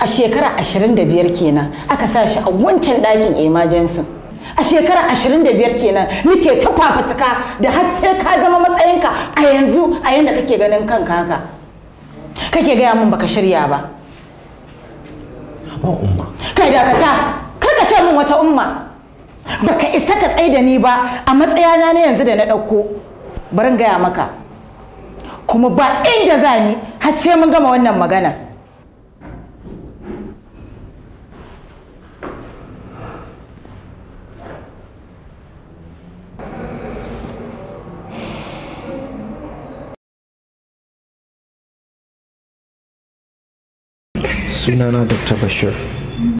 a shekara 25 kenan aka sa shi a wancan ɗakin emergency a shekara 25 kenan nike ta fafatuka da har sai ka zama matsayinka a yanzu a yanda kake ganin kanka haka kake gaya min baka shirya ba Ka kai dakata kar ka ce min wata umma baka isa ka tsai da ni ba a matsayana na yanzu da na ɗauko barin gaya maka kuma ba inda za ni har sai mun gama wannan magana Suna Dr. Bashir.